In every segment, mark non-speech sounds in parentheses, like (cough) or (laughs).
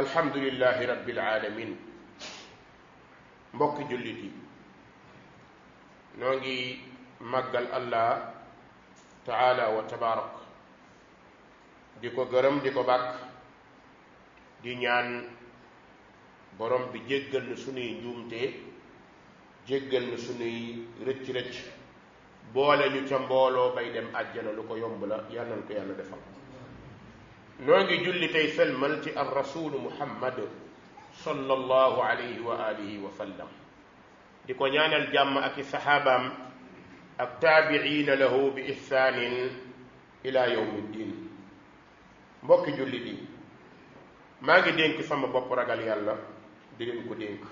alhamdulillahi rabbil alamin mbokki jullit yi noo ngi màggal allah taala wa tabarak di ko gërëm di ko bàkk di ñaan borom bi jéggal na sunuy njuumte jéggal na sunuy rëcc-rëcc boole ñu ca mbooloo bay dem àjjana lu ko yomb la yàlla na ko yàlla defal noo ngi julli tey ci ar rasulu muhammad sallallahu alayhi wa alihi wa sallam di ko ñaanal jàmm ak i saxaabaam ak taabiina lahu bi ihsaanin ila yawmi mbokki julli di maa ngi dénk sama bopp ragal yàlla di leen ko dénk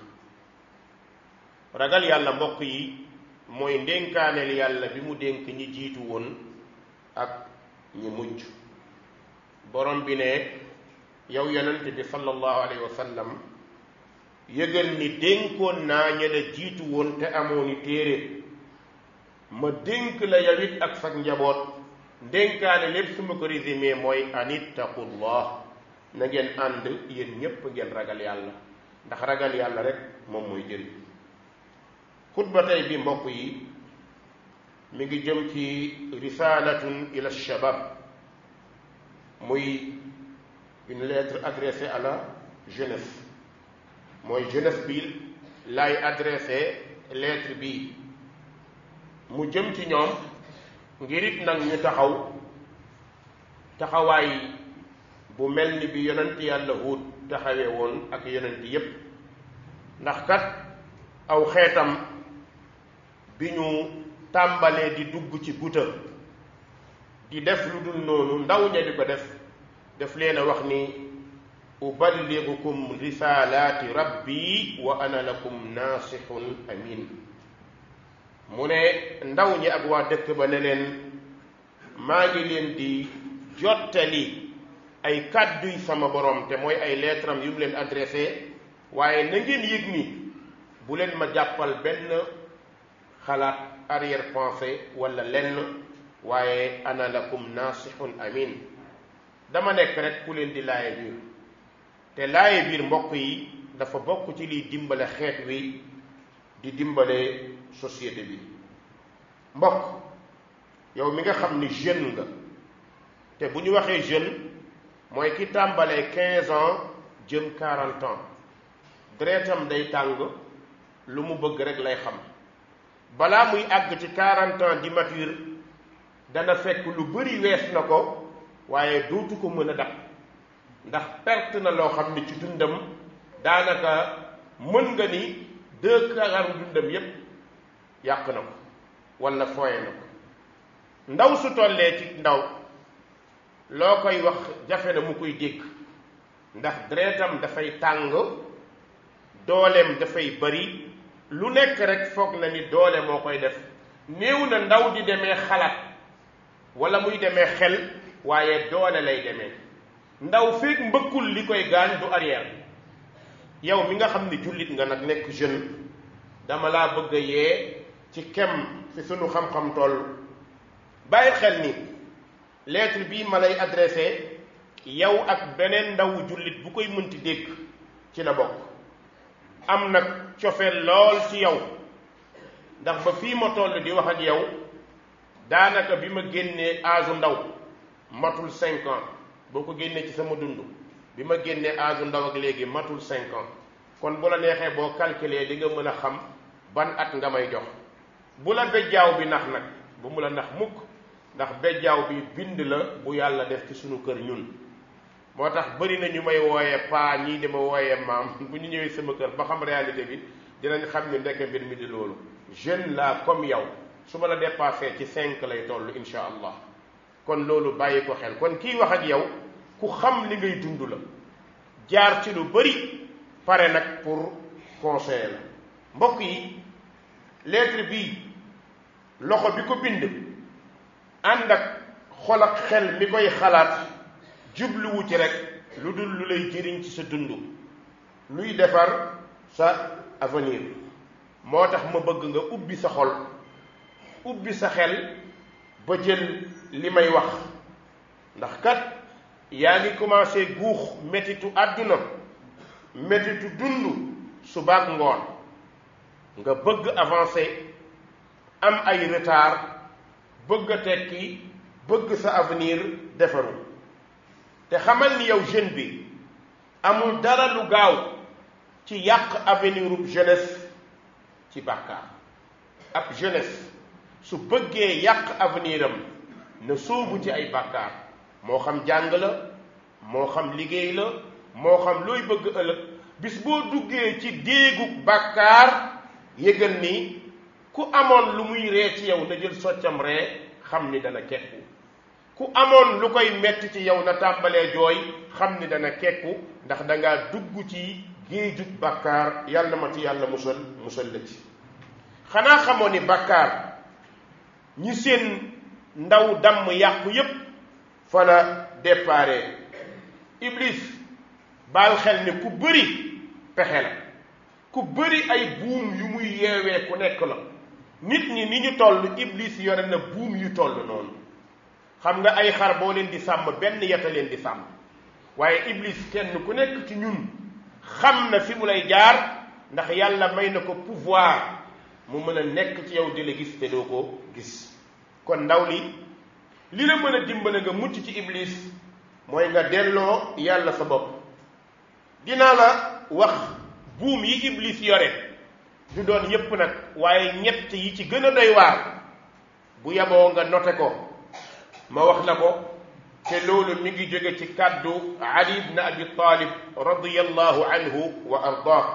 ragal yàlla mbokk yi mooy ndénkaaneel yàlla bi mu dénk ñi jiitu woon ak ñi mujj borom bi ne yow yonent bi sallallahu alayhi wa yëgal ni dénkoon naa ña jiitu woon te amoo ni téere ma dénk la yow it ak sag njaboot ndénkaane lépp su ma ko résumé mooy an ittaqullah na ngeen ànd yéen ñépp ngeen ragal yàlla ndax ragal yàlla rek moom mooy jëriñ xutba tey bi mbokk yi mi ngi jëm ci risaalatun ila shabab muy une lettre adressée à la mooy jeunesse bi lay adressé lettre bi mu jëm ci ñoom ngir it nag ñu taxaw taxawaay bu mel ni bi yonent yàlla Huud taxawee woon ak yonent yépp ndax kat aw xeetam bi ñu tàmbalee di dugg ci guta di def lu dul noonu ndaw ña di ko def def leen a wax ni uballigukum risaalaati rabbi wa ana lakum naasixun amin mu ne ndaw ñi ak waa dëkk ba ne leen maa ngi leen di jottali ay kàdduy sama borom te mooy ay lettre am yu mu leen adressé waaye na ngeen ni bu leen ma jàppal benn xalaat arrière pensée wala lenn waaye ana lakum naasixun amin dama nekk rek ku leen di laaye biir te laaye biir mbokk yi dafa bokk ci liy dimbale xeet wi di dimbale société bi mbokk yow mi nga xam ni jeune nga te bu ñu waxee jeune mooy ki tàmbalee quinze ans jëm quarante ans deretam day tàng lu mu bëgg rek lay xam balaa muy àgg ci quarante ans di mature dana fekk lu bëri wees na ko waaye dootu ko mën a dab ndax perte na loo xam ne ci dundam daanaka mën nga ni deux quarts dundam yépp yàq na ko walla fooye na ko ndaw su tollee ci ndaw loo koy wax jafe na mu koy dégg ndax deretam dafay tàng dooleem dafay bari lu nekk rek foog na ni doole moo koy def néew na ndaw di demee xalaat wala muy demee xel waaye doole lay demee ndaw feeg mbëkkul li koy gaañ du arrière yow mi nga xam ni jullit nga nag nekk jeune dama la bëgg a yee ci kem fi sunu xam-xam toll bàyyi xel ni lettre bii ma lay adressé yow ak beneen ndawu jullit bu koy mënti dégg ci la bokk am nag cofeel lool ci yow ndax ba fii ma toll di wax ak yow daanaka bi ma génnee âge ndaw matul cinq boo ko génnee ci sama dund bi ma génnee âge ndaw ak léegi matul cinq ans kon bu la neexee boo calculer di nga mën a xam ban at nga may jox bu la bejjaaw bi nax nag bu mu la nax mukk ndax bejjaaw bi bind la bu yàlla def ci sunu kër ñun moo tax bëri na ñu may wooyee paa ñii di ma wooyee maam (laughs) bu ñu ñëwee sama kër ba xam réalité bi dinañ xam ni ndekk mbir mi di loolu jeune la comme yow su ma la dépassé ci cinq lay toll insha allah kon loolu bàyyi ko xel kon kiy wax ak yow ku xam li ngay dund la jaar ci lu bari pare nag pour conseiller mbokk yi lettre bii loxo bi ko bind ànd ak xol ak xel mi koy xalaat jubluwu ci rek lu dul lu lay jëriñ ci sa dund luy defar sa avenir moo tax ma bëgg nga ubbi sa xol ubbi sa xel ba jël li may wax ndax kat yaa ngi commencé guux métitu àdduna métitu dund subaak ngoon nga bëgg avancé am ay retard bëgg a tekki bëgg sa avenir defaru te xamal ni yow jeune bi amul dara lu gaaw ci yàq avenir ub ci bàkkaar ak jeunesse su bëggee yàq avenir am na sóobu ci ay bàkkaar moo xam jàng la moo xam liggéey la moo xam looy bëgg ëllëg bis boo duggee ci déegu bàkkaar yëgal ni ku amoon lu muy ree ci yow na jël soccam ree xam ni dana kekku ku amoon lu koy metti ci yow na tàmbalee jooy xam ni dana kekku ndax danga dugg ci géejug bàkkaar yàlla ma ci yàlla musal musal la ci xanaa xamoon ni bàkkaar ñi seen ndaw damm yàqu yépp fa la dépare iblis baal xel ne ku bëri pexe la ku bëri ay buum yu muy yeewee ku nekk la nit ñi ni ñu toll iblis yore na buum yu toll noonu xam nga ay xar boo leen di sàmm benn yeta leen di sàmm waaye iblis kenn ku nekk ci ñun xam na fi mu lay jaar ndax yàlla may na ko pouvoir mu mën a nekk ci yow di la gis te doo ko gis kon ndaw li li la mën a dimbale nga mucc ci iblis mooy nga delloo yàlla sa bopp dinaa la wax buum yi iblis yore du doon yépp nag waaye ñett yi ci gën a doy waar bu yaboo nga note ko ma wax la ko te loolu ñu ngi jóge ci kàddu ali ibn abi talib radiyallahu anhu wa ardah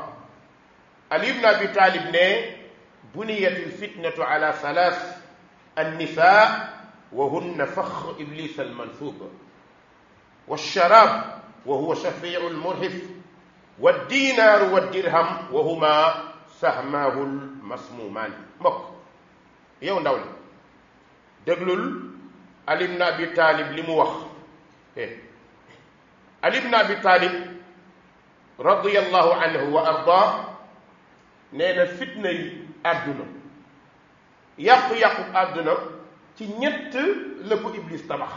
ali ibn abi talib ne buniyat fitnatu ala salaas النساء وهن فخر إبليس المنسوب والشراب وهو شفيع المرهف والدينار والدرهم وهما سهماه المسمومان mbokk yow ndaw la déglul Ali ibn Abi Talib li mu wax Ali ibn Abi Talib radiyallahu anhu wa arda nee na fitna yi àdduna yàqu-yàqu àdduna ci ñett la ko iblis tabax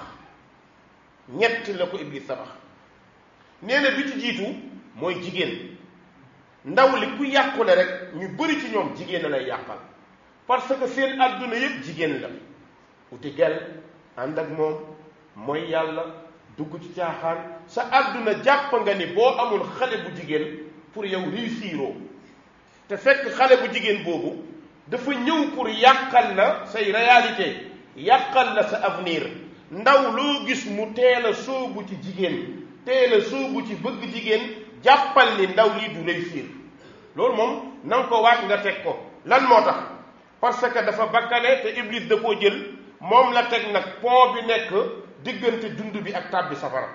ñett la ko iblis tabax nee na bi jiitu mooy jigéen ndaw li ku yàqule rek ñu bari ci ñoom jigéen la lay yàqal parce que seen àdduna yépp jigéen la uti gel ànd ak moom mooy yàlla dugg ci caaxaan sa àdduna jàpp nga ni boo amul xale bu jigéen pour yow réussiroo te fekk xale bu jigéen boobu dafa ñëw pour yàqal la say réalité yàqal la sa avenir ndaw loo gis mu teel soow bu ci jigéen teel soow bu ci bëgg jigéen jàppal ni ndaw lii du réussir loolu moom na ko waat nga teg ko lan moo tax parce que dafa bakkale te iblis da jël moom la teg nag pont bi nekk diggante dund bi ak tàbbi safara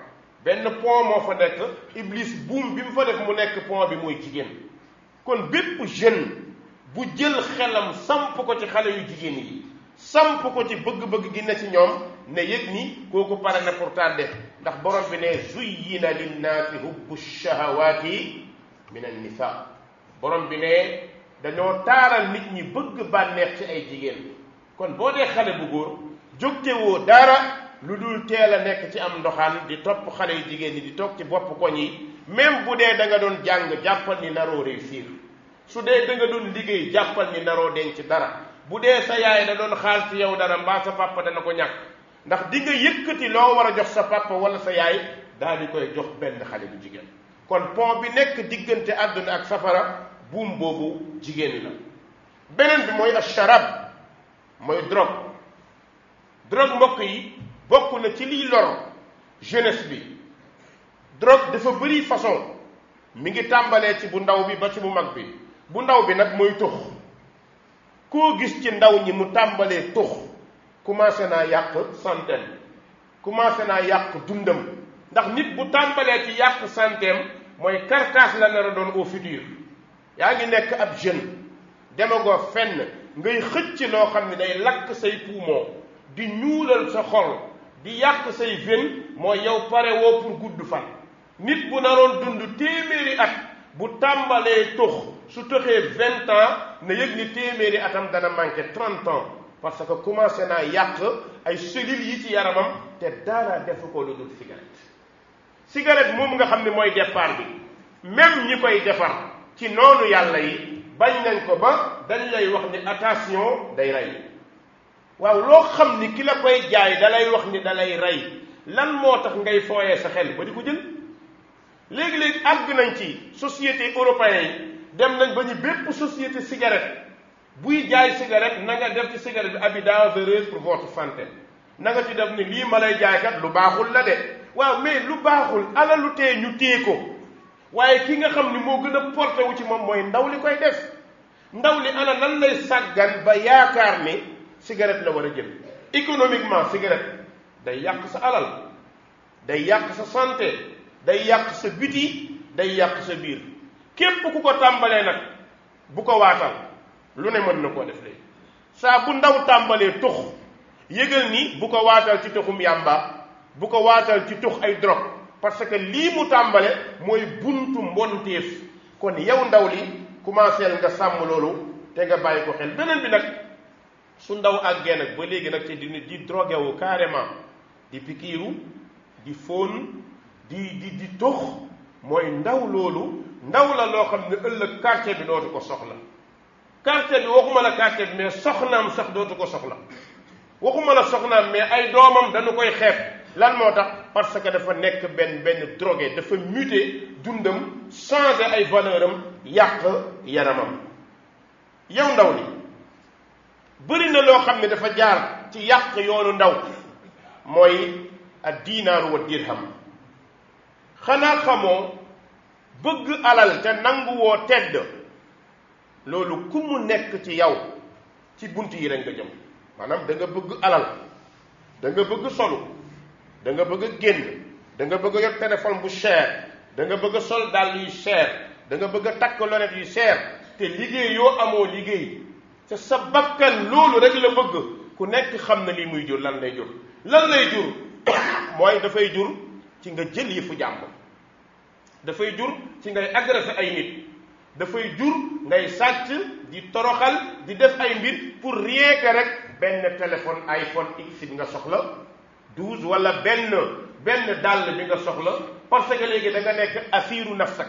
benn pont moo fa nekk iblis buum bi mu fa def mu nekk pont bi mooy jigéen kon bépp jeune bu jël xelam samp ko ci xale yu jigéen yi samp ko ci bëgg-bëgg gi ne ci ñoom ne yëg ni kooku pare na pour tàdde ndax borom bi ne zuyyina linnaasi hubbu shahawaati min annisa borom bi ne dañoo taaral nit ñi bëgg bànneex ci ay jigéen kon boo dee xale bu góor jóg jógtewoo dara lu dul teel a nekk ci am ndoxaan di topp xale yu jigéen ñi di toog ci bopp koñ yi même bu dee da nga doon jàng jàppal ni naroo réussir su dee da nga doon liggéey jàppal ni naroo ci dara bu dee sa yaay da doon xaal ci yow dara mbaa sa papa dana ko ñàkk ndax dinga nga yëkkati loo war a jox sa papa wala sa yaay daal di koy jox benn xale bu jigéen kon pont bi nekk diggante àdduna ak safara buum boobu jigéen la beneen bi mooy asharab mooy drogue drogue mbokk yi bokk na ci liy loro jeunesse bi drogue dafa bari façon mi ngi tàmbalee ci bu ndaw bi ba ci bu mag bi bu ndaw bi nag mooy tux koo gis ci ndaw ñi mu tàmbalee tux commencé naa yàq santeem commencé naa yàq dundam ndax nit bu tàmbalee ci yàq santeem mooy carcasse la nar a doon au futur yaa ngi nekk ab jeune demagoo fenn ngay xëcc loo xam ne day lakk say poumon di ñuulal sa xol di yàq say veine mooy yow pare woo pour gudd fan nit bu naroon dund téeméeri at bu tàmbalee tux su tëxee vingt ans na yëg ni téeméeri atam dana manqué trente ans parce que commencé naa yàq ay cellules yi ci yaramam te daanaa defu ko lu dul cigarette cigarette moom nga xam ne mooy départ bi même ñi koy defar ci noonu yàlla yi bañ nañ ko ba dañ lay wax ni attention day rey waaw loo xam ni ki la koy jaay da lay wax ni da rey lan moo tax ngay fooyee sa xel ba di ko jël léegi-léegi àgg nañ ci société européen yi dem nañ ba ñu bépp société cigarette buy jaay cigarette na nga def ci cigarette bi abi dangereuse pour votre santé na nga ci def ni lii ma lay jaay kat lu baaxul la de waaw mais lu baaxul ala ñu téye ko waaye kii nga xam ni moo gën a porté ci moom mooy ndaw li koy def ndaw li ana lan lay sàggan ba yaakaar ni cigarette la war a jël économiquement cigarette day yàq sa alal day yàq sa santé day yàq sa biti day yàq sa biir képp ku ko tàmbalee nag bu ko waatal lu ne mën na koo def léegi saa bu ndaw tàmbalee tux yëgal ni bu ko waatal ci tuxum yàmba bu ko waatal ci tux ay drogue parce que lii mu tàmbale mooy buntu mbonteef kon yow ndaw li commencé nga sàmm loolu te nga bàyyi ko xel beneen bi nag su ndaw àggee nag ba léegi nag ci di di drogué wu di pikiiru di fóon di di di tux mooy ndaw loolu ndaw la loo xam ne ëllëg quartier bi dootu ko soxla quartier bi waxuma la quartier bi mais soxnaam sax dootu ko soxla waxuma la soxnaam mais ay doomam dañu koy xeeb lan moo tax parce que dafa nekk benn benn drogué dafa muté dundam changé ay valeur yàq yaramam yow ndaw li bëri na loo xam ne dafa jaar ci yàq yoonu ndaw mooy ak diinaaru wa dirham xanaa xamoo bëgg alal te nanguwoo tedd loolu ku mu nekk ci yow ci bunt yi rek nga jëm maanaam danga bëgg alal danga bëgg solu danga bëgg a génn da bëgg a yor téléphone bu cher da nga bëgg a sol dàll yu cher da nga bëgg a takk lonet yu cher te liggéey yoo amoo liggéey te sa bakkan loolu rek la bëgg ku nekk xam na lii muy jur lan lay jur lan lay jur (coughs) mooy dafay jur ci nga jël yëfu jàmbur dafay jur ci ngay agressé ay nit dafay jur ngay sàcc di toroxal di def ay mbir pour rien que rek benn téléphone iPhone X bi nga soxla 12 wala benn benn dàll bi nga soxla parce que léegi da nga nekk asiiru nafsak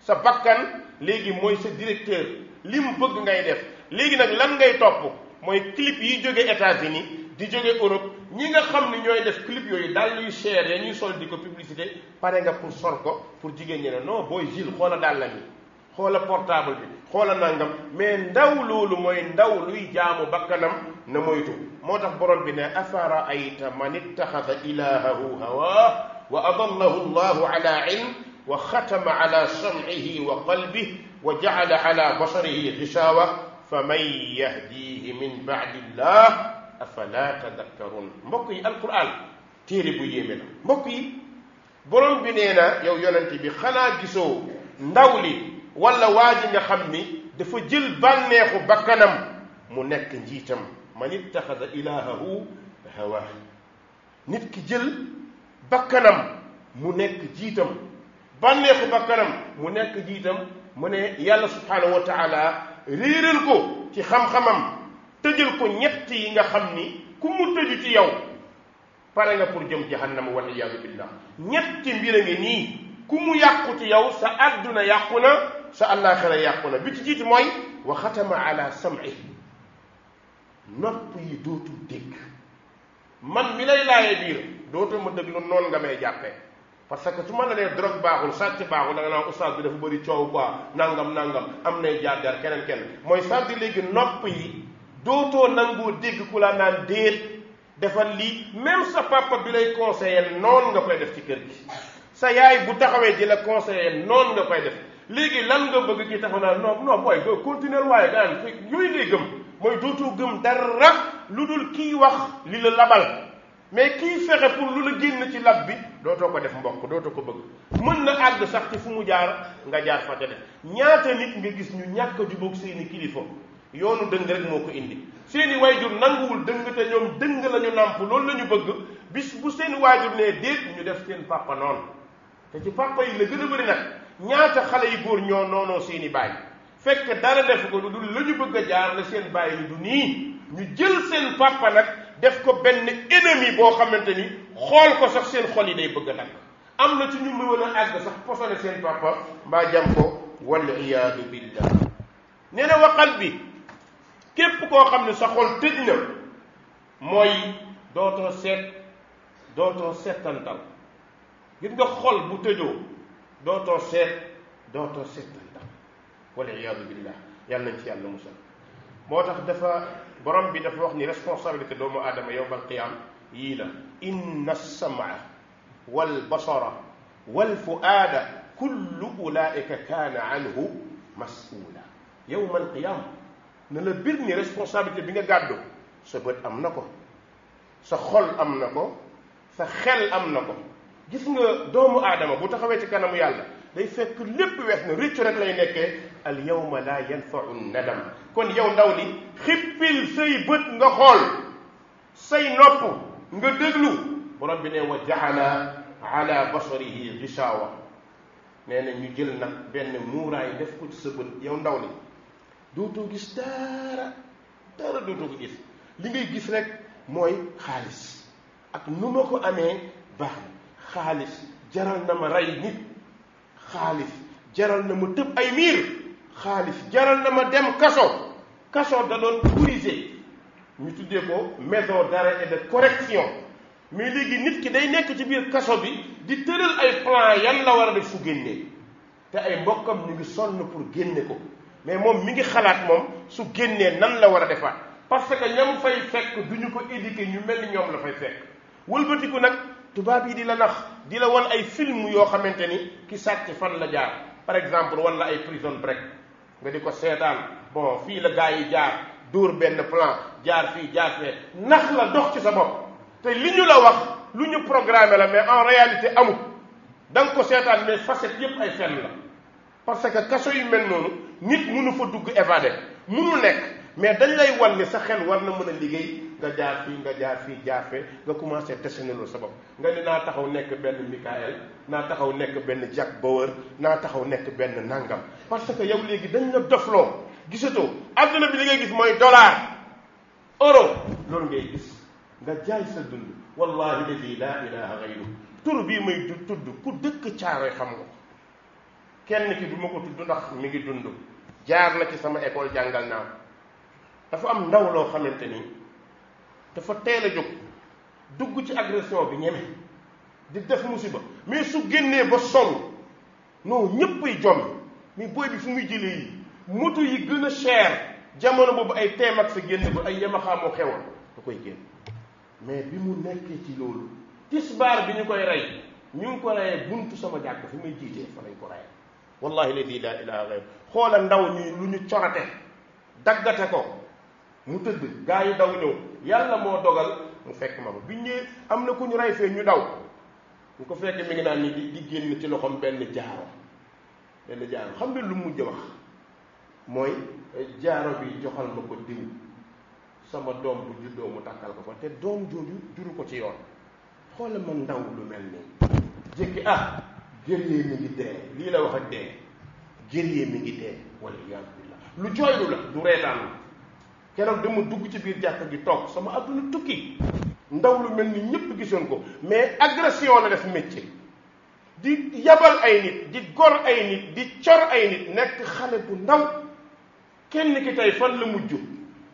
sa bakkan léegi mooy sa directeur li mu bëgg ngay def léegi nag lan ngay topp mooy clip yi jóge États-Unis di jóge Europe ñi nga xam ne ñooy def clip yooyu dàll yu cher ya ñuy sol di ko publicité pare nga pour sol ko pour jigéen ñi ne non booy Gilles xoola dàllam yi xoola portable bi xoola nangam mais ndaw loolu mooy ndaw luy jaamo bakkanam na moytu moo tax borom bi ne afara ayta man ittaxada ilahahu hawa wa adallahu allahu ala ilm wa xatama ala samcihi wa qalbihi wa jacala ala basarihi xishaawa fa man yahdihi min bacdi afala tadakkarun mbokk yi alquran téere bu yéeme la mbokk yi borom bi nee na yow yonent bi xanaa gisoo ndaw li wala waa ji nga xam ni dafa jël bànneexu bakkanam mu nekk njiitam man ittaxada nit ki jël bakkanam mu nekk jiitam bànneexu bakkanam mu nekk jiitam mu ne yàlla subhaanahu wa réeral ko ci xam-xamam tëjal ko ñett yi nga xam ni ku mu tëju ci yow pare nga pour jëm jahannam wal iyaadu billah ñetti mbir a ngi nii ku mu yàqu ci yow sa àdduna yàqu na sa àllaaxira yàqu na bi ci jiitu mooy wa xatama ala sam'i nopp yi dootul dégg man mi lay laaye biir dootul ma déglu noonu nga may jàppee parce que su ma la nee drogue baaxul sàcc baaxul da nga naan oustaz bi dafa bëri coow quoi nangam nangam am nay jaar jaar keneen keneen mooy sàcc léegi nopp yi dootoo nangoo dégg ku la naan déet defal lii même sa papa bi lay conseiller noonu nga koy def ci kër gi sa yaay bu taxawee di la conseiller noonu nga koy def léegi lan nga bëgg ki taxaw naa non non booy ko continuer waaye gaan yooyu ngay gëm mooy dootoo gëm dara lu dul kii wax li la labal mais kii fexe pour lu la génn ci lab bi dootoo ko def mbokk dootoo ko bëgg mën na àgg sax ci fu mu jaar nga jaar fa te def ñaata nit nga gis ñu ñàkk a jubóog seeni kilifa yoonu dëng rek moo ko indi seeni waajur nanguwul dëng te ñoom dëng la ñu nàmp loolu la ñu bëgg bis bu seen waajur nee déet ñu def seen papa noonu te ci papa yi la gën a bëri nag ñaata xale yi góor ñoo noonoo seeni baay fekk dara def ko lu dul la ñu bëgg a jaar la seen baay yi du nii ñu jël seen papa nag def ko benn ennemi boo xamante ni xool ko sax seen xol yi day bëgg nag am na ci ñu mën a àgg sax posone seen papa mbaa jam ko wal iyaadu bi képp koo xam ne sa xol tëj na mooy dootoo seet dootoo seetantal gis nga xol bu tëjoo dootoo seet dootoo seetantal wala iyaadu billah yàlla nañ ci yàlla musal moo tax dafa borom bi dafa wax ni responsabilité doomu aadama yowmal qiyaam yii la inna samaa wal basara wal fuaada kullu ulaika kaana anhu masuula yowmal qiyaam ne la bir ni responsabilité bi nga gàddu sa bët am na ko sa xol am na ko sa xel am na ko gis nga doomu aadama bu taxawee ci kanamu yàlla day fekk lépp wees na rëccu rek lay nekkee al yawma la yanfau nadam kon yow ndaw li xippil say bët nga xool say nopp nga déglu borom bi ne wa jaxala ala basarihi gisaawa nee na ñu jël na benn muuraay def ko ci sa bët yow ndaw li dootoo gis dara dara dootoo ko gis li ngay gis rek mooy xaalis ak nu ma ko amee baax na xaalis jaral na ma rey nit xaalis jaral na ma tëb ay miir xaalis jaral na ma dem kaso kaso da doon brisé ñu tuddee ko maison d'arrêt et de correction mais léegi nit ki day nekk ci biir kaso bi di tëral ay plan yan la war a def fu génnee te ay mbokkam ñu ngi sonn pour génne ko mais moom mi ngi xalaat moom su génnee nan la war a defaat parce que ñam fay fekk du ñu ko éduquer ñu mel ni ñoom la fay fekk wëlbatiku nag tubaab yi di la nax di la wan ay film yoo xamante ni ki sàcc fan la jaar par exemple wan la ay prison break nga di ko seetaan bon fii la gars yi jaar dóor benn plan jaar fii jaar fee nax la dox ci sa bopp te li ñu la wax lu ñu programme la mais en réalité amul da nga ko seetaan mais facette yépp ay fenn la parce que kaso yu noonu nit mënu fa dugg évadé mënul nekk mais dañ lay wan ni sa xel war na mën a liggéey nga jaar fii nga jaar fii jaar nga commencé teseneloo sa bopp nga ne naa taxaw nekk benn Michael naa taxaw nekk benn Jack Bauer naa taxaw nekk benn nangam parce que yow léegi dañ la dofloo gisatoo àdduna bi li ngay gis mooy dollar euro loolu ngay gis nga jaay sa dund wallahi ladi laa ilaha gayru tur bii may tudd ku dëkk caaroy xam nga ko kenn ki du ma ko tudd ndax mi ngi dund jaar na ci sama école jàngal naa dafa am ndaw loo xamante ni dafa teel a jóg dugg ci agression bi ñeme di def musiba mais su génnee ba sonn non ñëppay jommi mais booy bi fu muy jëlee yi moto yi gën a cher jamono boobu ay teem ak sa génn ba ay yemaxaamoo xewoon da koy génn mais bi mu nekkee ci loolu tisbaar bi ñu koy rey ñu ngi ko reyee buntu sama jàkk fu may jiitee fa lañ ko reyee wallahi ladi laa ilaha gayru xoola ndaw ñi lu ñu corate daggate ko mu tëdd gaa yi daw ñëw yàlla moo dogal mu fekk ma ba bi ñëwee am na ko ñu rey fee ñu daw ñu ko fekkee mi ngi naan ni di génn ci loxoom benn jaaro benn jaaro xam nga lu mujj wax mooy eh, jaaro bi joxal ma ko diw sama doom bu juddoo mu takkal ko fa te doom jooju juru ko ci yoon xoola ma ndaw lu mel nii jékki ah gërëyee ñu ngi dee lii la wax ak dee génnee mi ngi dee wala iyaazu billah lu jooylu la du reetaan la keroog dama dugg ci biir jàkka gi toog sama adduna tukki ndaw lu mel ni ñëpp gisoon ko mais agression la def métier di yabal ay nit di gor ay nit di cor ay nit nekk xale bu ndaw kenn ki tey fan la mujj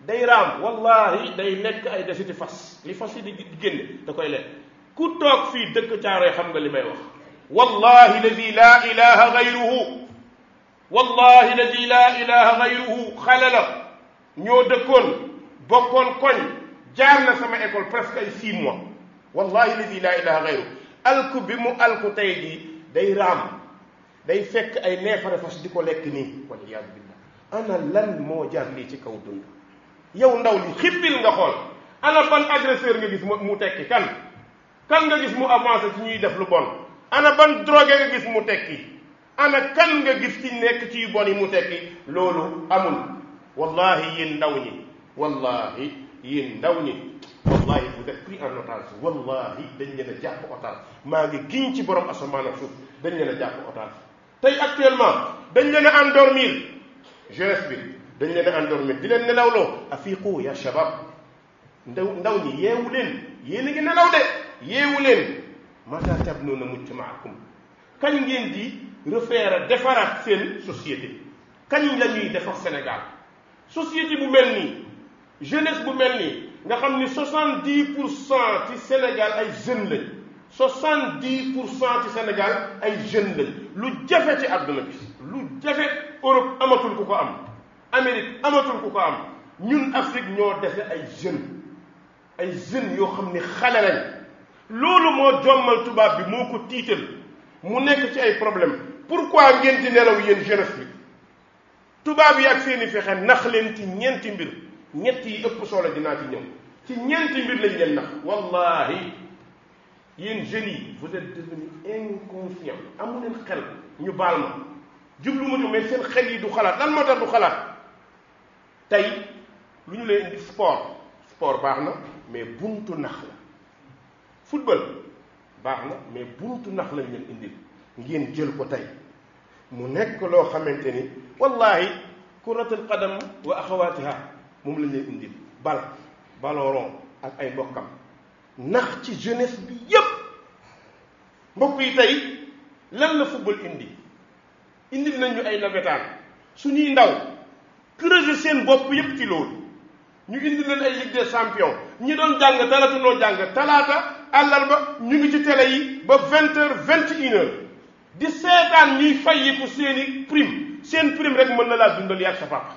day raam wallahi day lekk ay desiti fas li fas yi di génne da koy lekk ku toog fii dëkk caarooy xam nga li may wax wallahi ladi la ilaha gayruhu wallahi ladi laa ilaha gayruhu xale la ñoo dëkkoon bokkoon koñ jaar na sama école presque ay six mois wallahi ladi laa ilaha gayru alku bi mu alku tey jii day raam day fekk ay neefare fas di ko lekk nii wal iyaadu billah ana lan moo jaar lii ci kaw dund yow ndaw li xipbil nga xool ana ban agresseur nga gis mu tekki kan kan nga gis mu avancé ci ñuy def lu bon ana ban drogué nga gis mu tekki ana kan nga gis ci nekk ci yu yi mu tekki loolu amul wallahi yéen ndaw ñi wallahi yéen ndaw ñi wallahi vous êtes pris en wallahi dañ leen a jàpp otage maa ngi giñ ci borom asamaan ak dañ leen a jàpp otage tey actuellement dañ leen a endormir jeunesse bi dañ leen a endormir di leen nelawloo afiqu ya shabab ndaw ndaw ñi yeewu leen yéen a ngi nelaw de yeewu leen mata tabnuuna mujtamaakum kañ ngeen di refaire defaraat seen société kañ la defar Sénégal société bu mel nii jeunesse bu mel nii nga xam ni soixante dix pour cent ci Sénégal ay jeunes lañ soixante dix pour cent ci Sénégal ay jeunes lañ lu jafe ci àdduna bi lu jafe Europe amatul ko ko am Amérique amatul ku ko am ñun Afrique ñoo defe ay jeunes ay jeunes yoo xam ni xale lañ loolu moo jommal tubaab bi moo ko tiital mu nekk ci ay problème pourquoi ngeen di nelaw yéen jeunesse bi tubaab yi ak seeni fexe nax leen ci ñeenti mbir ñetti yi ëpp solo dinaa ci ñëw ci ñeenti mbir lañ leen nax wallahi yéen jeunes yi vous êtes devenus leen xel ñu baal ma jublu ma ñu seen xel yi du xalaat lan moo tax du xalaat tey lu ñu leen sport sport baax na mais buntu nax la football baax na mais buntu nax lañ leen indil ngeen jël ko tey mu nekk loo xamante ni wallahi kuratul qadam wa axawatiha moom lañ lay indil bal ballon ak ay mbokkam ndax ci jeunesse bi yépp mbokk yi tey lan la football indi indil nañu ay nawetaan suñuy ndaw creuser seen bopp yépp ci loolu ñu indi leen ay ligue des champions ñi doon jàng dara tu noo jàng talaata àllarba ñu ngi ci télé yi ba vingt heures une heures di seetaan ñuy fayiku seeni prime seen prime rek mën na laa dundal yàgg sa papa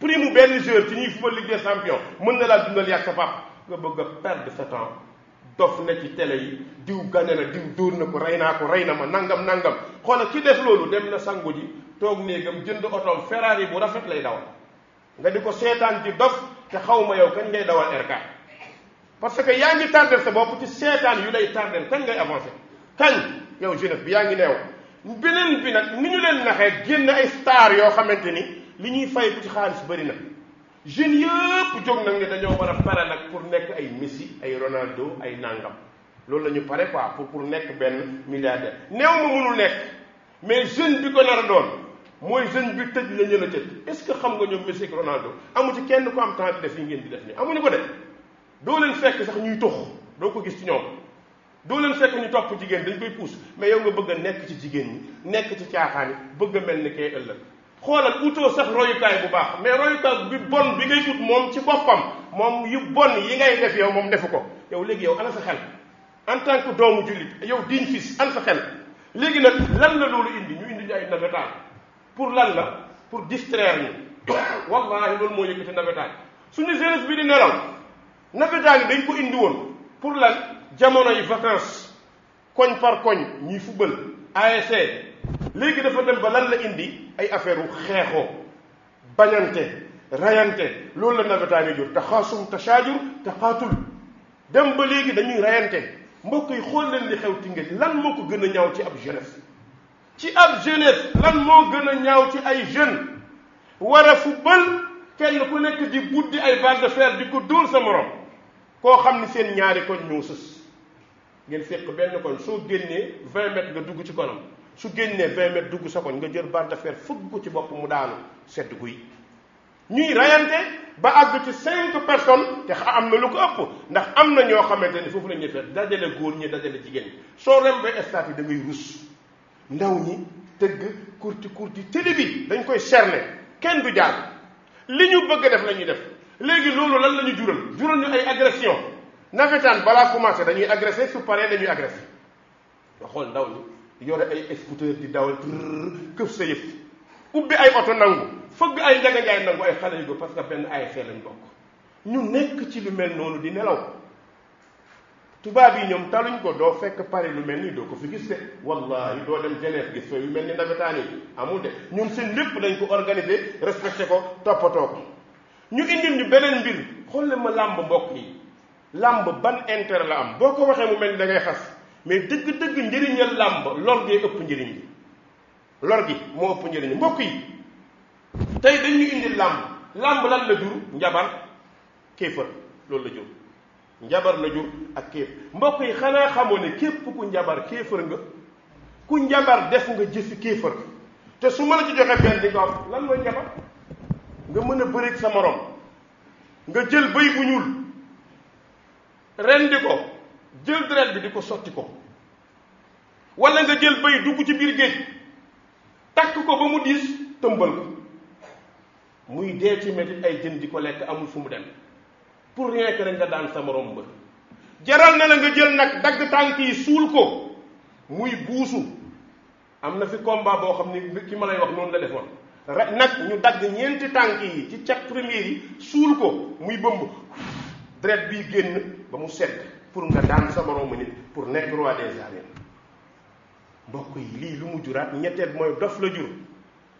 prime mu benn joueur ci ñuy football ligue des champions mën na laa dundal yàgg sa papa nga bëgg a perdre sa temps dof na ci télé yi diw gane na diw dóor na ko rey naa ko rey na ma nangam nangam xoolal ki def loolu dem na sangu ji toog néegam jënd oto otoom yi bu rafet lay dawal nga di ko seetaan ci dof te xaw ma yow kañ ngay dawal R4 parce que yaa ngi tardel sa bopp ci seetaan yu lay tardel kañ ngay avancé kañ. yow jeunesse bi yaa ngi neew beneen bi nag ni ñu leen naxee génn ay star yoo xamante ni li ñuy fay ku ci xaalis bëri na jeunes yëpp jóg nag ne dañoo war a pare nag pour nekk ay Messi ay Ronaldo ay nangam loolu la ñu pare quoi pour pour nekk benn milliardaire néew ma mënul nekk mais jeune bi ko nar a doon mooy jeune bi tëj la ñu la tëj est-ce que xam nga ñoom Messi ak Ronaldo amu ci kenn ku am temps def yi ngeen di def nii amuñu ko de doo leen fekk sax ñuy tux doo ko gis ci ñoom. doo leen fekk ñu topp jigéen dañ koy puus mais yow nga bëgg a nekk ci jigéen ñi nekk ci caaxaan bëgg a mel ni kay ëllëg xoolal utoo sax royukaay bu baax mais royukaay bi bon bi ngay ut moom ci boppam moom yu bon yi ngay def yow moom defu ko yow léegi yow ana sa xel en tant que doomu jullit yow diñ fis ana sa xel léegi nag lan la loolu indi ñu indi ñu ay nawetaan pour lan la pour distraire ñu (coughs) wallaahi loolu moo yëkkati nawetaan suñu jeunesse bi di nelaw nawetaan yi dañ ko indi woon pour lan jamonoy vacances koñ par koñ ñuy fubal ASC léegi dafa dem ba lan la indi ay affaire u xeexoo bañante rayante loolu la nawetaani jur te xaasum te saajur te xaatul dem ba léegi dañuy rayante mbokk yi xool leen li xew Tëngéej lan moo ko gën a ñaaw ci ab jeunesse ci ab jeunesse lan moo gën a ñaaw ci ay jeunes war a fubal kenn ku nekk di buddi ay balle de fer di ko dóor sa morom koo xam ni seen ñaari koñ ñoo sës ngeen ko benn koñ soo génnee 20 mètres nga dugg ci konam su génnee 20 mètres dugg sa koñ nga jël banta fer fëgg ko ci bopp mu daanu sedd guy ñuy rayante ba àgg ci cinq personnes te am na lu ko ëpp ndax am na ñoo xamante ni foofu la ñuy dajale góor ñi dajale jigéen ñi soo rem ba stade yi da ngay rus ndaw ñi tëgg kurti kurti télé dañ koy cerner kenn du jaar li ñu bëgg def la ñuy def léegi loolu lan la ñu jural jural ñu ay agression nawetaan balaa commencé dañuy agressé su paree dañuy agressé nga xool ndaw ñi yore ay scooter di dawal këf sa yëf ubbi ay oto nangu fëgg ay njaganjaay nangu ay xale yu ko parce que benn ASC lañ bokk ñu nekk ci lu mel noonu di nelaw tubaab yi ñoom taluñ ko doo fekk pare lu mel nii doo ko fi gis de wallahi doo dem jeneef gis fa yu mel ni nawetaan yi amul de ñun seen lépp lañ ko organiser respecté ko toppatoo ko ñu indil ñu beneen mbir xool ma làmb mbokk yi làmb ban intérêt la am boo ko waxee mu mel ni da ngay xas mais dëgg-dëgg njëriñal làmb lor gi ëpp njëriñ bi lor gi moo ëpp njëriñ mbokk yi tey dañuy indi làmb làmb lan la jur njabar kéefër loolu la jur njabar la jur ak kéef mbokk yi xanaa xamoo ne képp ku njabar kéefër nga ku njabar def nga jëfi kéefër te su ma la ci joxe benn di nga am lan mooy njabar nga mën a bëreeg sa morom nga jël bëy bu ñuul rendi ko jël deret bi di ko sotti ko wala nga jël bëy dugg ci biir géej takk ko ba mu diis tëmbal muy dee ci métit ay jën di ko lekk amul fu mu dem pour rien que nga daan sa morom mbër jaral na la nga jël nag dagg tànk yi suul ko muy buusu am na fi combat boo xam ni ki ma lay wax noonu la defoon rek nag ñu dagg ñeenti tànk yi ci cat première yi suul ko muy bëmb dret bii génn ba mu sedd pour nga daan sa moroomu nit pour nekk roi des mbokk yi lii lu mu juraat ñetteel mooy dof la jur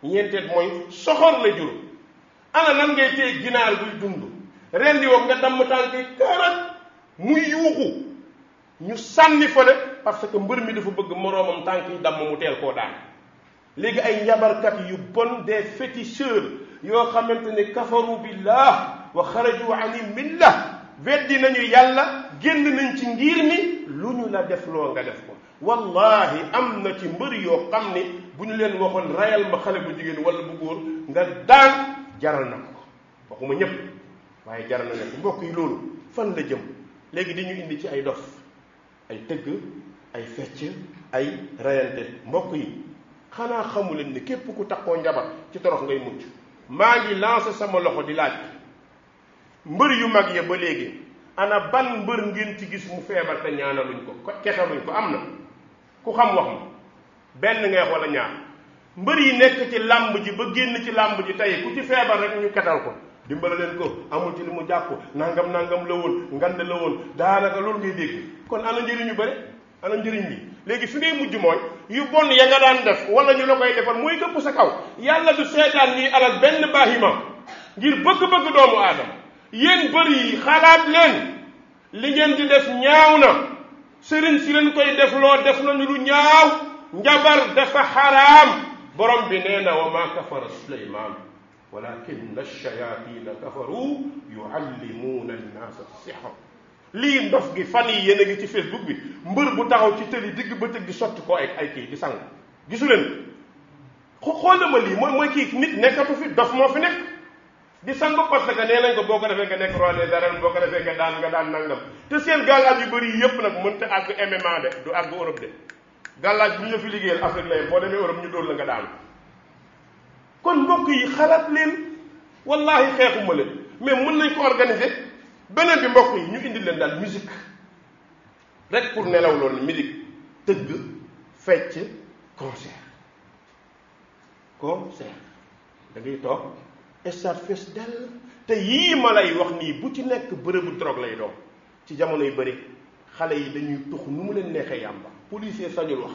ñeenteel mooy soxor la jur ana nan ngay téye ginaar buy dund rendi woo nga damm tànk karat muy yuuxu ñu sànni fële parce que mbër mi dafa bëgg moroomam tànk yi damm mu teel koo daan léegi ay njabarkat yu bon des féticheurs yoo xamante ne kafaru billah wa xaraju ani millah weddi nañu yàlla génn nañ ci ngir mi lu ñu la def loo nga def ko wallahi am na ci mbër yoo xam ni bu ñu leen waxoon rayal ma xale bu jigéen wala bu góor nga daan jaral na ko waxuma ñëpp waaye jaral na ko mbokk yi loolu fan la jëm léegi di indi ci ay dof ay tëgg ay fecc ay rayante mbokk yi xanaa xamu leen ni képp ku takkoo njabar ci torox ngay mujj maa ngi lancé sama loxo di laaj mbër yu mag ya ba léegi ana ban mbër ngeen ci gis mu feebar te ñaanaluñ ko ketaluñ ko am na ku xam wax ma benn ngay wala ñaar mbër yi nekk ci làmb ji ba génn ci làmb ji tey ku ci feebar rek ñu ketal ko dimbala leen ko amul ci li mu jàpp nangam nangam la woon ngand la woon daanaka loolu ngay dégg kon ana njëriñ yu bëri ana njëriñ li léegi fi ngay mujj mooy yu bon ya nga daan def wala ñu la koy defal mooy këpp sa kaw yàlla du seetaan ñuy alal benn baahima ngir bëgg-bëgg doomu aadama yéen bëri yi xalaat leen li ngeen di def ñaaw na sëriñ si leen koy def loo def nañu lu ñaaw njabar dafa xaraam borom bi nee wa ma kafara suleymaan walakin ash-shayatina kafaru yuallimuuna annaasa gi fan yi yéen a ngi ci facebook bi mbër bu taxaw ci tëli digg ba tëgg di sotti ko ay ay kii di sang gisuleen xool ma lii mooy mooy kii nit nekkatu fi dof moo fi nekk di sangu parce que nee nañ ko boo ko defee nga nekk roi des arènes boo ko defee nga daan nangam te seen gàllaaj yu bëri yëpp nag mënta àgg MMA de du àgg Europe de gàllaaj bu ñu la fi liggéeyal Afrique lay boo demee Europe ñu dóor la nga daan kon mbokk yi xalaat leen wallahi xeexuma leen mais mën nañ ko organiser beneen bi mbokk yi ñu indi leen daal musique rek pour nelaw loolu musique tëgg fecc concert concert da ngay toog stade fees dell te yii ma lay wax nii bu ci nekk bërëbu drogue lay doon ci jamono yu bari xale yi dañuy tux nu mu leen neexee yàmba policier sañul wax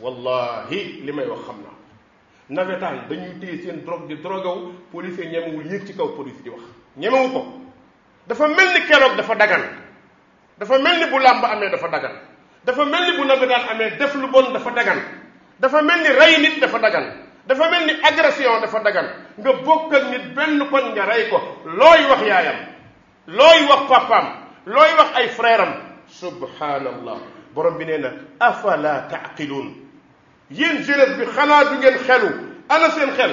wallahi li may wax xam naa nawetaan dañuy téye seen drogue di drogaw policier ñemewul yéeg ci kaw police di wax ñemewu ko dafa mel ni keroog dafa dagan dafa mel ni bu làmb amee dafa dagan dafa mel ni bu nawetaan amee def lu bon dafa dagan dafa mel ni rey nit dafa dagan dafa mel ni agression dafa dagan nga bokk ak nit benn koñ nga rey ko looy wax yaayam looy wax papaam looy wax ay frère am subhaanallah borom bi nee na afala taaqiluun yéen jeunesse bi xanaa du ngeen xelu ana seen xel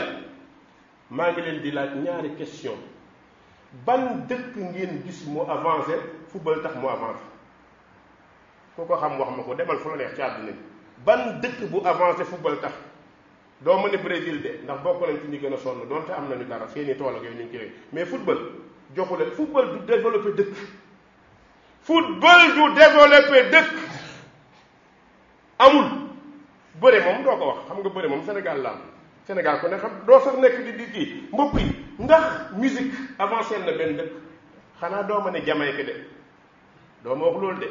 maa ngi leen di laaj ñaari question ban dëkk ngeen gis mu avancé football tax mu avancé ku ko xam wax ma ko demal fu la neex ci àdduna bi ban dëkk bu avancé football tax doo mën a Brésil de ndax bokk nañ ci ñi gën a sonn donte am nañu dara seeni tool ak yooyu ñu ngi ci mais football joxu leen football du développé dëkk football du développé dëkk amul bëre moom doo ko wax xam nga bëre moom Sénégal la am Sénégal ko ne xam doo sax nekk di di kii mbokk yi ndax musique avancé na benn dëkk xanaa doo ma ne Jamaïque de doo wax loolu de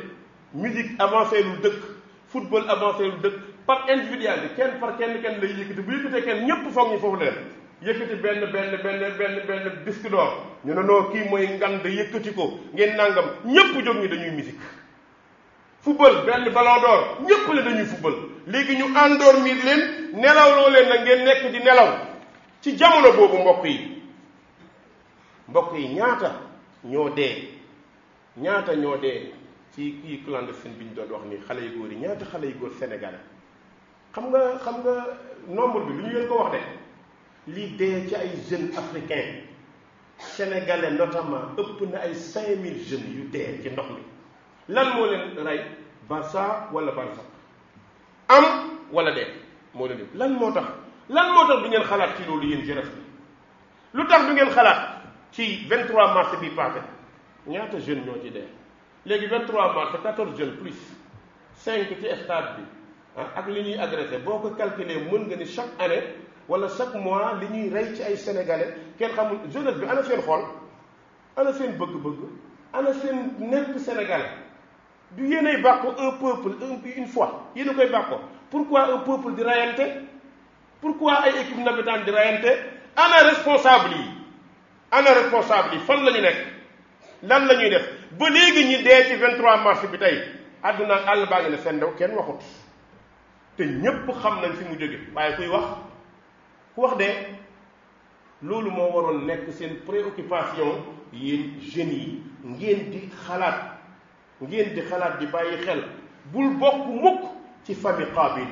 musique avancé lu dëkk futbal avancé lu dëkk par individuel bi kenn par kenn kenn lay yëkkati bu yëkkatee kenn ñëpp foog ñu foofu leen yëkkati benn benn benn benn benn disque d'or ñu ne noo kii mooy ngand yëkkati ko ngeen nàngam ñëpp jóg ñi dañuy musique football benn ballon d'or ñëpp la dañuy football léegi ñu endormir leen nelawloo leen na ngeen nekk di nelaw ci jamono boobu mbokk yi mbokk yi ñaata ñoo dee ñaata ñoo dee ci kii clandestine bi ñu doon wax ni xale yu góor yi ñaata xale yu góor Sénégal xam nga xam nga nombre bi lu ñu leen ko wax de lii dee ci ay jeunes africains sénégalais notamment ëpp na ay 5000 jeunes yu dee ci ndox mi lan moo leen rey Barça wala Barça am wala dee moo leen lan moo tax lan moo tax du ngeen xalaat ci loolu yéen jeunesse bi lu tax du ngeen xalaat ci 23 mars bi passé ñaata jeunes ñoo ci dee léegi 23 mars 14 jeunes plus 5 ci stade bi. ak li ñuy agressé boo ko calculé mën nga ni chaque année wala chaque mois li ñuy rey ci ay sénégalais kenn xamul jeunesse bi ana seen xol ana seen bëgg-bëgg ana seen nekk sénégalais du yéenay bàkko un peuple une fois yéen a koy bàkko pourquoi un peuple di rayante pourquoi ay équipe navétane di rayante ana responsable yi ana responsable yi fan la ñu nekk lan la ñuy def ba léegi ñi dee ci 23 mars bi tey àdduna àll baa ngi ne seen ndaw kenn waxut te ñépp xam nañ fi mu jóge waaye kuy wax ku wax de loolu moo waroon nekk seen préoccupation yéen jeunes yi ngeen di xalaat ngeen di xalaat di bàyyi xel bul bokk mukk ci fami qaabil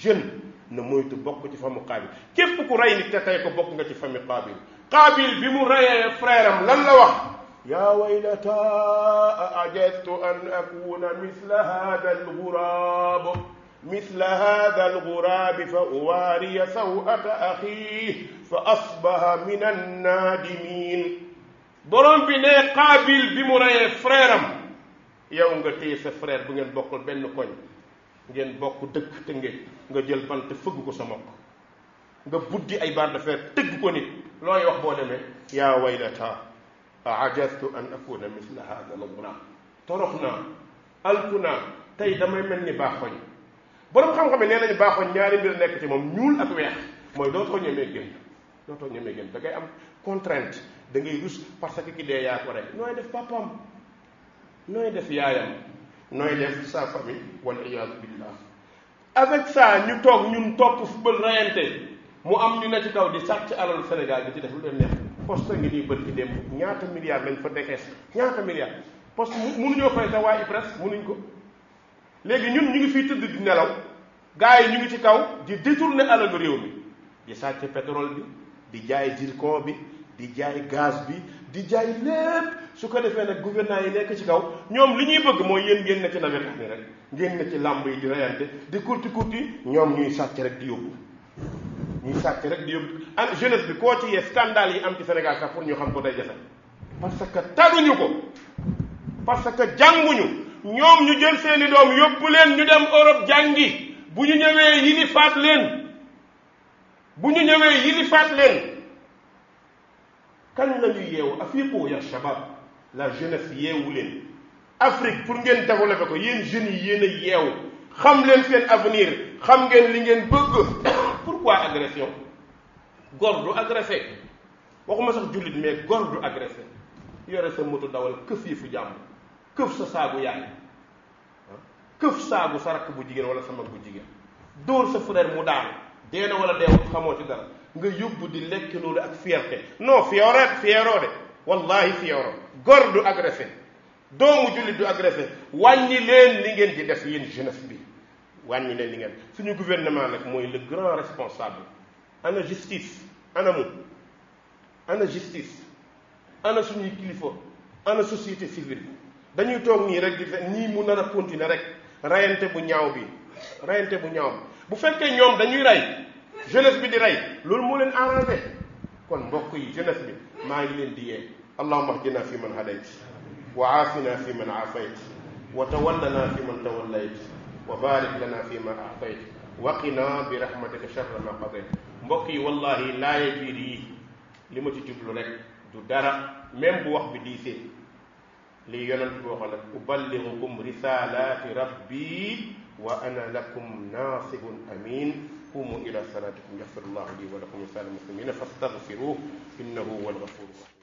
jeune na moytu bokk ci famu qaabil képp ku rey nit te tey ko bokk nga ci fami qaabil qaabil bi mu reyee frère lan la wax yaa waylata ajastu an akuna misla hada guraab مثل هذا الغراب فأواري سوءة أخيه فأصبح من النادمين borom bi ne xaabil bi mu reyee frère yow nga téye sa frère bu ngeen bokkul benn koñ ngeen bokk dëkk te nga jël bant fëgg ko sa mokk nga buddi ay barre de fer tëgg ko nit looy wax boo demee yaa waylata ajastu an akuna misla hada al torox naa alku naa tey damay mel ni baaxoñ borom xam-xam yi nee nañu baaxoon ñaari mbir nekk ci moom ñuul ak weex mooy dootoo ñemee génn dootoo ñemee génn da ngay am contrainte da ngay rus parce que ki dee yaa ko rek nooy def papaam nooy def yaayam nooy def sa famille wal iyaadu billah avec ça ñu toog ñun topp football rayante mu am ñu ne ci kaw di sàcc alalu Sénégal di ci def lu leen neex poste ngi nii bët ci démb ñaata milliards lañ fa deqees ñaata milliards poste mënuñoo fay sa waa IPRES mënuñ ko léegi ñun ñu ngi fiy tëdd di nelaw gars yi ñu ngi ci kaw di détourné alalu réew mi di sàcc pétrole bi di jaay zircon bi di jaay gaz bi di jaay lépp su ko defee nag gouvernants yi nekk ci kaw ñoom li ñuy bëgg mooy yéen ngeen na ci nawet ni rek ngeen na ci làmb yi di reyante di kurti kurti ñoom ñuy sàcc rek di yóbbu ñuy sàcc rek di yóbbu am jeunesse bi koo ci yee scandale yi am ci Sénégal sax pour ñu xam ko day jafe parce que taruñu ko parce que jànguñu ñoom ñu jël seeni doom yóbbu leen ñu dem Europe jàngi bu ñu ñëwee yilifaat leen bu ñu ñëwee yilifaat leen kañ la ñuy yeewu afiqu ya shabab la jeunesse yeewu leen Afrique pour ngeen développé ko yéen jeunes yi yéen a yeewu xam leen seen avenir xam ngeen li ngeen bëgg (coughs) pourquoi agression góor du agressé waxuma sax jullit mais góor du agressé yore sa moto dawal këf yi fu jàmm këf sa saagu yaay këf saabu sa rakk bu jigéen wala sa mag bu jigéen dóor sa frère mu daanu dee na wala deewul xamoo ci dara nga yóbbu di lekk loolu ak fierté non fiere fieroo de wallahi fiero góor du agressé doomu jullit du agressé wàññi leen li ngeen di def yéen jeunesse bi wàññi leen li ngeen suñu gouvernement nag mooy le grand responsable ana justice ana mu ana justice ana suñuy kilifa ana société civile dañuy toog nii rek di fe ñii mu nar a rek rayante bu ñaaw bi rayante bu ñaaw bi bu fekkee ñoom dañuy rey jeunesse bi di rey loolu moo leen arrangé kon mbokk yi jeunesse bi maa ngi leen di yee allahuma ahdina fi man hadayt wa aafina fi man aafayt wa tawallana fi man tawallayt wa barik lana fi ma aatayt waqina bi rahmatika charra ma qadayt mbokk yi wallahi laaye biir yi li ma ci jublu rek du dara même bu wax bi diisee lii yonent bi waxoon nag uballigukum risalaati rabbi wa ana lakum nasibun amin qumu ila salatikum yaxfirullahu li wa lakum lisaani muslimina fastaghfiruh innahu huwa alghafuru rahim